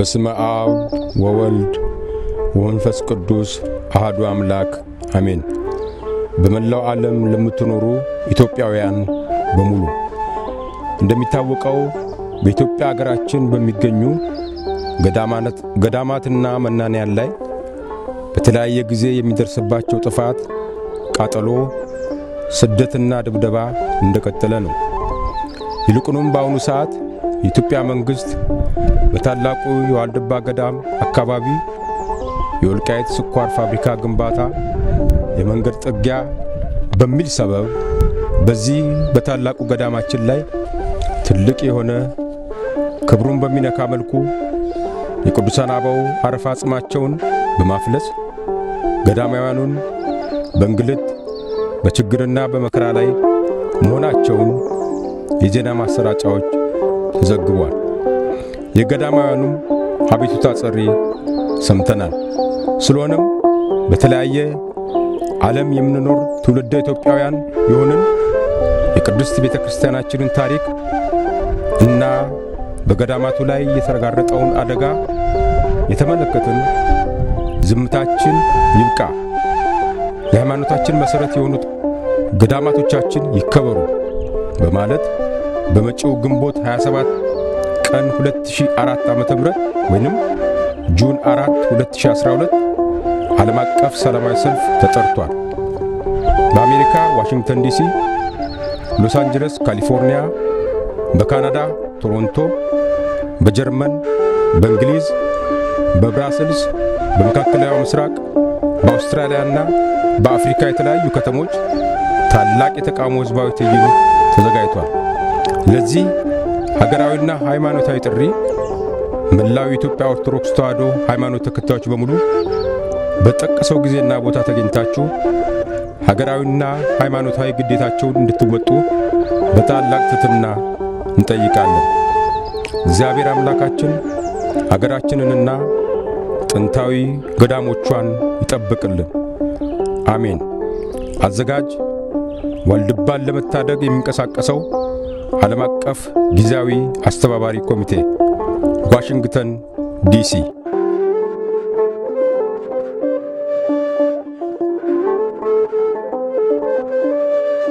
በስመ አብ ወወልድ ወመንፈስ ቅዱስ አህዱ አምላክ አሜን። በመላው ዓለም ለምትኖሩ ኢትዮጵያውያን በሙሉ እንደሚታወቀው በኢትዮጵያ አገራችን በሚገኙ ገዳማትና መናንያን ላይ በተለያየ ጊዜ የሚደርስባቸው ጥፋት፣ ቃጠሎ፣ ስደትና ድብደባ እንደቀጠለ ነው። ይልቁንም በአሁኑ ሰዓት የኢትዮጵያ መንግስት በታላቁ የዋልድባ ገዳም አካባቢ የወልቃይት ስኳር ፋብሪካ ግንባታ የመንገድ ጥጊያ በሚል ሰበብ በዚህ በታላቁ ገዳማችን ላይ ትልቅ የሆነ ክብሩን በሚነካ መልኩ የቅዱሳን አበው አረፋ አጽማቸውን በማፍለስ ገዳማውያኑን በእንግልት በችግርና በመከራ ላይ መሆናቸውን የዜና ማሰራጫዎች ተዘግቧል። የገዳማውያኑም አቤቱታ ጸሪ ሰምተናል። ስለሆነም በተለያየ ዓለም የምንኖር ትውልደ ኢትዮጵያውያን የሆንን የቅድስት ቤተ ክርስቲያናችንን ታሪክ እና በገዳማቱ ላይ የተረጋረጠውን አደጋ የተመለከትን ዝምታችን ይብቃ። የሃይማኖታችን መሠረት የሆኑት ገዳማቶቻችን ይከበሩ በማለት በመጪው ግንቦት 27 ቀን 2004 ዓ ም ወይንም ጁን 4 2012 ዓለም አቀፍ ሰላማዊ ሰልፍ ተጠርቷል። በአሜሪካ ዋሽንግተን ዲሲ፣ ሎስ አንጀለስ ካሊፎርኒያ፣ በካናዳ ቶሮንቶ፣ በጀርመን፣ በእንግሊዝ፣ በብራስልስ፣ በመካከላዊ ምስራቅ፣ በአውስትራሊያና በአፍሪካ የተለያዩ ከተሞች ታላቅ የተቃውሞ ህዝባዊ ትዕይንት ተዘጋጅቷል። ለዚህ ሀገራዊና ሃይማኖታዊ ጥሪ መላው የኢትዮጵያ ኦርቶዶክስ ተዋሕዶ ሃይማኖት ተከታዮች በሙሉ በጠቀሰው ጊዜና ቦታ ተገኝታችሁ ሀገራዊና ሃይማኖታዊ ግዴታቸውን እንድትወጡ በታላቅ ትሕትና እንጠይቃለን። እግዚአብሔር አምላካችን ሀገራችንንና ጥንታዊ ገዳሞቿን ይጠብቅልን። አሜን። አዘጋጅ ዋልድባን ለመታደግ የሚንቀሳቀሰው ዓለም አቀፍ ጊዜያዊ አስተባባሪ ኮሚቴ ዋሽንግተን ዲሲ